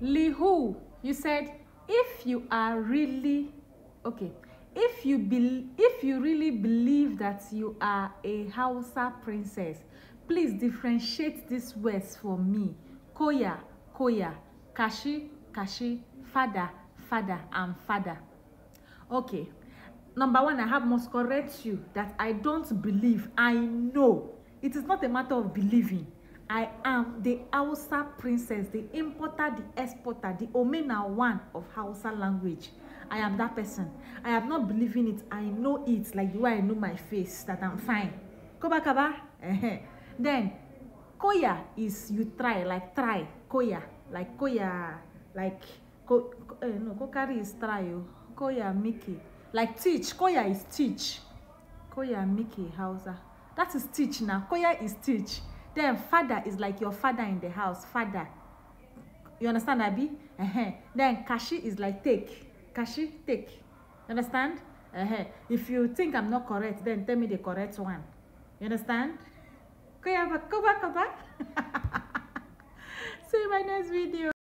really who? You said if you are really okay. If you be, if you really believe that you are a Hausa princess, please differentiate these words for me. Koya, koya, kashi, kashi, fada, fada, and fada. Okay. Number one, I have must correct you that I don't believe. I know. It is not a matter of believing. I am the Hausa princess, the importer, the exporter, the Omena one of Hausa language. I am that person. I am not believing it. I know it like the way I know my face that I'm fine. Koba kaba. Then Koya is you try like try Koya like Koya like ko, ko eh, no Kokari is try you oh. Koya Miki like teach Koya is teach Koya Miki Hausa that is teach now Koya is teach then father is like your father in the house father you understand abi uh -huh. then kashi is like take kashi take you understand uh -huh. if you think i'm not correct then tell me the correct one you understand koyaba koba koba see you in my next video